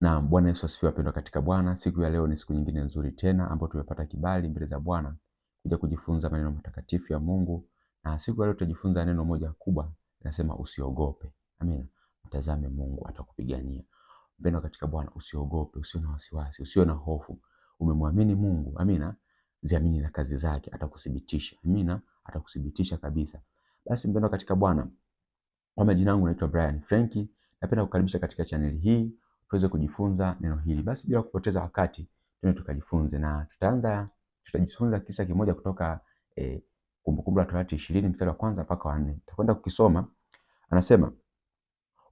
Na Bwana Yesu asifiwe, wapendwa katika Bwana. Siku ya leo ni siku nyingine nzuri tena ambayo tumepata kibali mbele za Bwana kuja kujifunza maneno matakatifu ya Mungu. Na siku ya leo tutajifunza neno moja kubwa, linasema usiogope. Amina. Mtazame Mungu atakupigania. Mpendwa katika Bwana, usiogope, usio na wasiwasi, usio na hofu. Umemwamini Mungu. Amina. Ziamini na kazi zake, atakuthibitisha. Amina, atakuthibitisha kabisa. Basi mpendwa katika Bwana, kwa majina yangu naitwa Brian Frenki. Napenda kukaribisha katika chaneli hii tuweze kujifunza neno hili. Basi bila kupoteza wakati, tuende tukajifunze, na tutaanza tutajifunza kisa kimoja kutoka eh, Kumbukumbu la Torati ishirini mstari wa kwanza mpaka wa nne. Tutakwenda kukisoma. Anasema,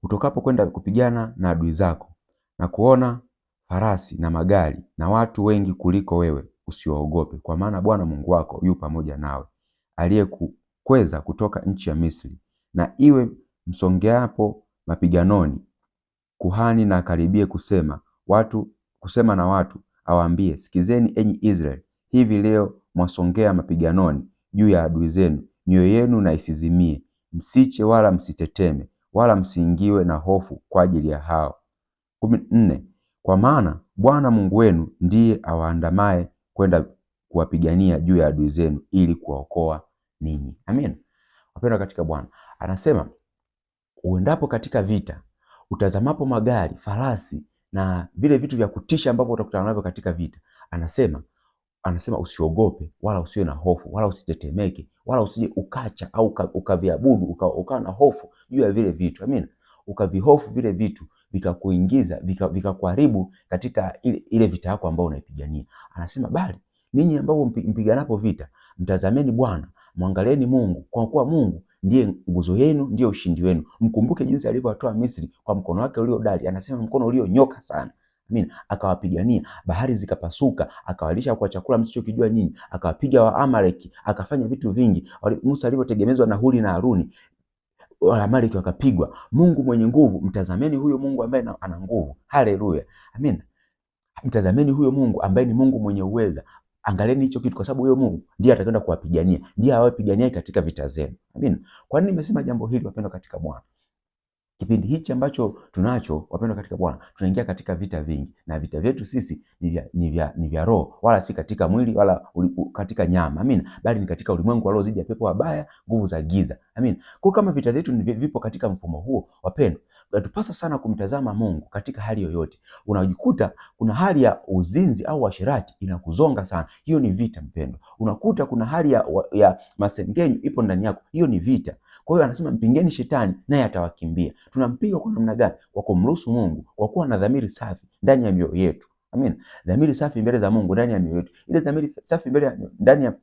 utokapo kwenda kupigana na adui zako na kuona farasi na magari na watu wengi kuliko wewe, usiwaogope, kwa maana Bwana Mungu wako yu pamoja nawe, aliyekukweza kutoka nchi ya Misri. Na iwe msongeapo mapiganoni, kuhani na akaribie kusema watu kusema na watu awaambie, sikizeni enyi Israeli, hivi leo mwasongea mapiganoni juu ya adui zenu, mioyo yenu na isizimie, msiche wala msiteteme, wala msiingiwe na hofu kwa ajili ya hao. kumi na nne Kwa maana Bwana Mungu wenu ndiye awaandamaye kwenda kuwapigania juu ya adui zenu ili kuwaokoa ninyi. Amin. Wapendwa katika Bwana, anasema uendapo katika vita Utazamapo magari, farasi na vile vitu vya kutisha ambavyo utakutana navyo katika vita, anasema anasema usiogope wala usiwe na hofu wala usitetemeke wala usije ukacha au ukaviabudu uka ukawa na hofu juu ya vile vitu. Amina, ukavihofu vile vitu vikakuingiza vikakuharibu vika katika ile, ile vita yako ambayo unaipigania. Anasema bali ninyi ambao mpiganapo vita mtazameni Bwana, mwangalieni Mungu, kwa kuwa Mungu ndiye nguzo yenu, ndiye ushindi wenu. Mkumbuke jinsi alivyowatoa Misri kwa mkono wake dali, anasema mkono nyoka sana. Amina, akawapigania bahari zikapasuka, akawalisha kwa chakula msichokijua nyinyi, akawapiga Waamaleki, akafanya vitu vingi. Musa alivyotegemezwa na Huri na Haruni, Waamaleki wakapigwa. Mungu mwenye nguvu, mtazameni huyo Mungu ambaye ana nguvu. Haleluya, amina. Mtazameni huyo Mungu ambaye ni Mungu mwenye uweza. Angalieni hicho kitu kwa sababu huyo Mungu ndiye atakwenda kuwapigania, ndiye awapigania katika vita zenu. Amina. Kwa nini nimesema jambo hili wapendwa katika Bwana? Kipindi hichi ambacho tunacho, wapendwa katika Bwana, tunaingia katika vita vingi, na vita vyetu sisi ni vya, ni vya, ni vya roho, wala si katika mwili wala u, katika nyama, amina, bali ni katika ulimwengu wa roho, dhidi ya pepo wabaya, nguvu za giza, amina. Kwa kama vita vyetu vipo katika mfumo huo, wapendwa, natupasa sana kumtazama Mungu katika hali yoyote. Unajikuta kuna hali ya uzinzi au washirati inakuzonga sana, hiyo ni vita mpendwa. Unakuta kuna hali ya, ya masengenyo ipo ndani yako, hiyo ni vita. Kwa hiyo anasema mpingeni shetani naye atawakimbia tunampiga kwa namna gani? Kwa kumruhusu Mungu, kwa kuwa na dhamiri safi ndani ya mioyo yetu. amina Dhamiri safi mbele za Mungu ndani ya mioyo yetu. Ile dhamiri safi mbele ndani ya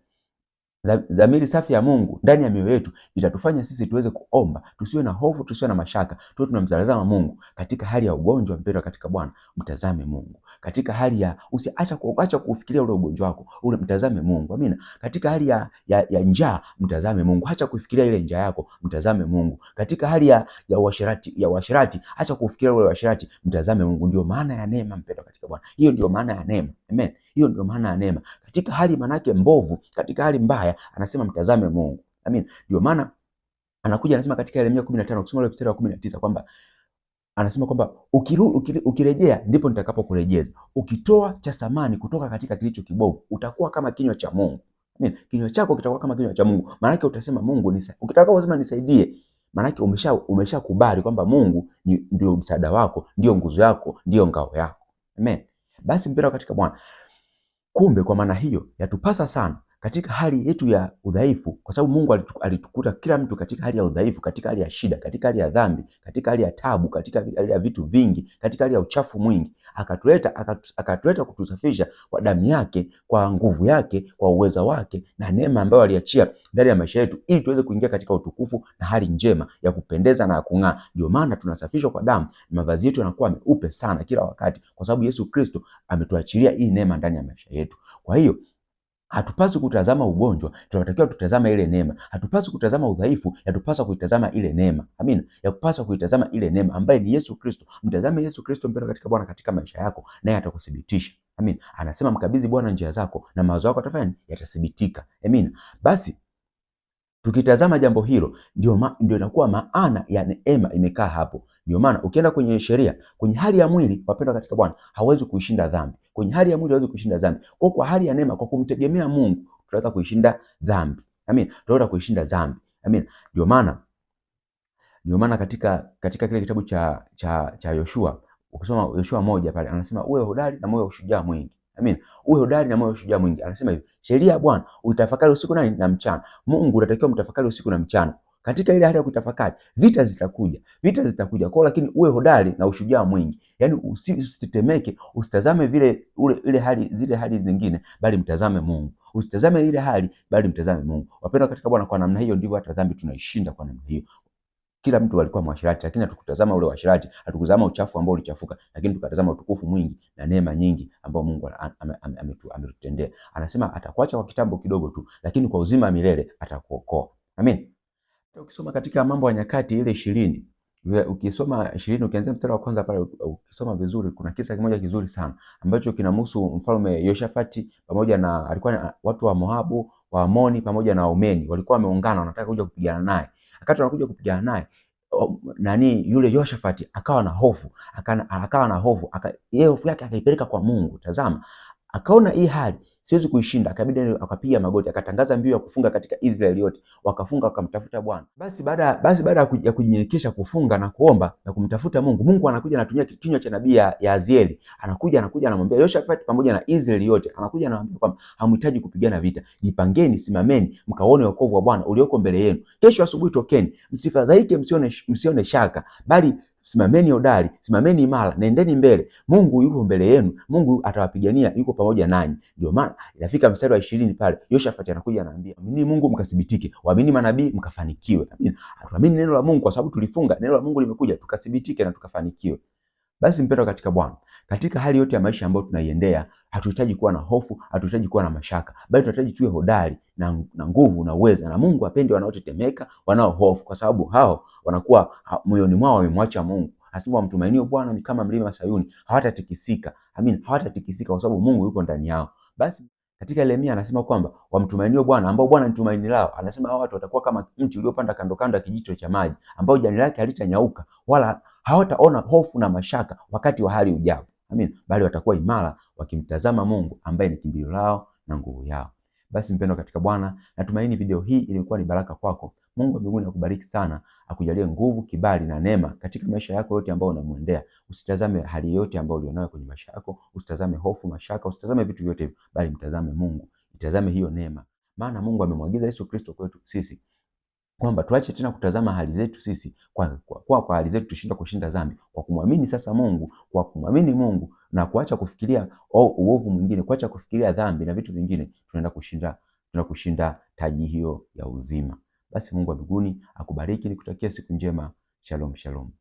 Dhamiri safi ya Mungu ndani ya mioyo yetu itatufanya sisi tuweze kuomba, tusiwe na hofu, tusiwe na mashaka, tuwe tunamtazama Mungu katika hali ya ugonjwa. Mpendwa katika Bwana, mtazame Mungu katika hali ya usiacha kuacha kufikiria ule ugonjwa wako ule, mtazame Mungu. Amina. Katika hali ya, ya, ya njaa, mtazame Mungu, acha kufikiria ile njaa yako, mtazame Mungu. Katika hali ya ya uasherati, ya uasherati, acha kufikiria ule uasherati, mtazame Mungu. Ndio maana ya neema, mpendwa katika Bwana, hiyo ndio maana ya neema. Amen, hiyo ndio maana ya neema, katika hali manake mbovu, katika hali mbaya haya, anasema mtazame Mungu. Amin. Ndio maana anakuja anasema katika Yeremia 15 kusoma ile mstari wa 19 kwamba anasema kwamba ukiru, ukire, ukirejea ndipo nitakapokurejeza, ukitoa cha samani kutoka katika kilicho kibovu utakuwa kama kinywa cha Mungu. Amen. Kinywa chako kitakuwa kama kinywa cha Mungu, maana yake utasema Mungu nisa, ukitaka kusema nisaidie, maana yake umesha umeshakubali kwamba Mungu ndio msaada wako, ndio nguzo yako, ndio ngao yako. Amen. Basi mpira katika Bwana, kumbe kwa maana hiyo yatupasa sana katika hali yetu ya udhaifu, kwa sababu Mungu alitukuta kila mtu katika hali ya udhaifu, katika hali ya shida, katika hali ya dhambi, katika hali ya tabu, katika hali ya vitu vingi, katika hali ya uchafu mwingi, akatuleta akatuleta kutusafisha kwa damu yake, kwa nguvu yake, kwa uweza wake na neema ambayo aliachia ndani ya maisha yetu, ili tuweze kuingia katika utukufu na hali njema ya kupendeza na ya kung'aa. Ndio maana tunasafishwa kwa damu, mavazi yetu yanakuwa meupe sana kila wakati, kwa sababu Yesu Kristo ametuachilia hii neema ndani ya maisha yetu. Kwa hiyo Hatupaswi kutazama ugonjwa, tunatakiwa tutazame ile neema. Hatupaswi kutazama udhaifu, yatupaswa kuitazama ile neema. Amina, yakupaswa kuitazama ile neema ambaye ni Yesu Kristo. Mtazame Yesu Kristo mbele katika Bwana katika maisha yako, naye atakuthibitisha. Amina, anasema mkabidhi Bwana njia zako na mawazo yako atafanya yatathibitika. Amina, basi Tukitazama jambo hilo, ndio ndio inakuwa maana ya neema imekaa hapo. Ndio maana ukienda kwenye sheria, kwenye hali ya mwili, wapendwa katika Bwana, hawezi kuishinda dhambi. Kwenye hali ya mwili hawezi kuishinda dhambi, kwa kwa hali ya neema, kwa kumtegemea Mungu tutaweza kuishinda dhambi. Amina, tutaweza kuishinda dhambi. Amina, ndio maana ndio maana katika, katika kile kitabu cha, cha, cha Yoshua ukisoma Yoshua moja pale anasema uwe hodari na moyo ushujaa mwingi. Amina. Uwe hodari na moyo shujaa mwingi. Anasema hivi, sheria ya Bwana utafakari usiku nani na mchana. Mungu unatakiwa mtafakari usiku na mchana. Katika ile hali ya kutafakari, vita zitakuja, vita zitakuja Kwa lakini uwe hodari na ushujaa mwingi, yaani usitetemeke, usitazame vile ule ile hali zile hali zingine, bali mtazame Mungu. Usitazame ile hali, bali mtazame Mungu. Wapendwa katika Bwana, kwa namna hiyo ndivyo hata dhambi tunaishinda kwa namna hiyo. Kila mtu alikuwa mwashirati, lakini hatukutazama ule washirati, hatukuzama uchafu ambao ulichafuka, lakini tukatazama utukufu mwingi na neema nyingi ambao Mungu ametutendea. Anasema atakuacha kwa kitambo kidogo tu, lakini kwa uzima wa milele atakuokoa. Amen. Ukisoma katika Mambo ya Nyakati ile ishirini ukisoma ishirini ukianzia mstari wa kwanza pale, ukisoma vizuri, kuna kisa kimoja kizuri sana ambacho kinamhusu mfalme Yoshafati pamoja na alikuwa watu wa Moabu Waamoni pamoja na Waumeni walikuwa wameungana, wanataka kuja kupigana naye. Wakati wanakuja kupigana naye nani yule Yoshafati akawa na hofu, akawa na hofu, hofu yake akaipeleka kwa Mungu. Tazama, Akaona hii hali siwezi kuishinda, akabidi akapiga magoti, akatangaza mbio ya kufunga katika Israeli yote, wakafunga wakamtafuta Bwana. Basi baada basi baada ya kunyenyekesha kufunga na kuomba na kumtafuta Mungu, Mungu anakuja anatumia kinywa cha nabii ya, ya Azieli, anakuja anakuja anamwambia Yoshafati pamoja na Israeli yote, anakuja anamwambia kwamba hamhitaji kupigana vita, jipangeni, simameni mkaone wokovu wa Bwana ulioko mbele yenu. Kesho asubuhi tokeni, msifadhaike, msione msione shaka, bali Simameni hodari, simameni imara, nendeni mbele. Mungu yuko mbele yenu, Mungu atawapigania, yuko pamoja nanyi. Ndio maana inafika mstari wa ishirini pale Yoshafati anakuja anaambia, amini Mungu mkathibitike, waamini manabii mkafanikiwe. Amina, tuamini neno la Mungu kwa sababu tulifunga. Neno la Mungu limekuja, tukathibitike na tukafanikiwe. Basi mpendwa katika Bwana, katika hali yote ya maisha ambayo tunaiendea, hatuhitaji kuwa na hofu, hatuhitaji kuwa na mashaka, bali tunahitaji tuwe hodari na, na nguvu na uweza, na Mungu apende wanaotetemeka, wanao hofu, kwa sababu hao wanakuwa moyoni mwao wamemwacha Mungu. Asema wamtumainio Bwana ni kama mlima Sayuni, hawatatikisika. Amin, hawatatikisika kwa sababu Mungu yuko ndani yao. Basi katika Yeremia anasema kwamba wamtumainio Bwana ambao Bwana ni tumaini lao. Anasema hao watu watakuwa kama mti uliopanda kando kando ya kijito cha maji, ambao jani lake halitanyauka wala hawataona hofu na mashaka wakati wa hali ujao. Amin, bali watakuwa imara wakimtazama Mungu ambaye ni kimbilio lao na nguvu yao. Basi mpendwa katika Bwana, natumaini video hii ilikuwa ni baraka kwako. Mungu wa mbinguni akubariki sana, akujalie nguvu, kibali na neema katika maisha yako yote ambayo unamwendea. Usitazame hali yote ambayo ulionayo kwenye maisha yako, usitazame hofu, mashaka, usitazame vitu vyote bali mtazame Mungu, mtazame hiyo neema, maana Mungu amemwagiza Yesu Kristo kwetu sisi kwamba tuache tena kutazama hali zetu sisi kwa, kwa, kwa, kwa hali zetu tushinda kushinda dhambi kwa kumwamini sasa Mungu, kwa kumwamini Mungu na kuacha kufikiria oh, uovu mwingine, kuacha kufikiria dhambi na vitu vingine, tunaenda kushinda tunaenda kushinda taji hiyo ya uzima. Basi Mungu wa mbinguni akubariki, nikutakia siku njema. Shalom, shalom.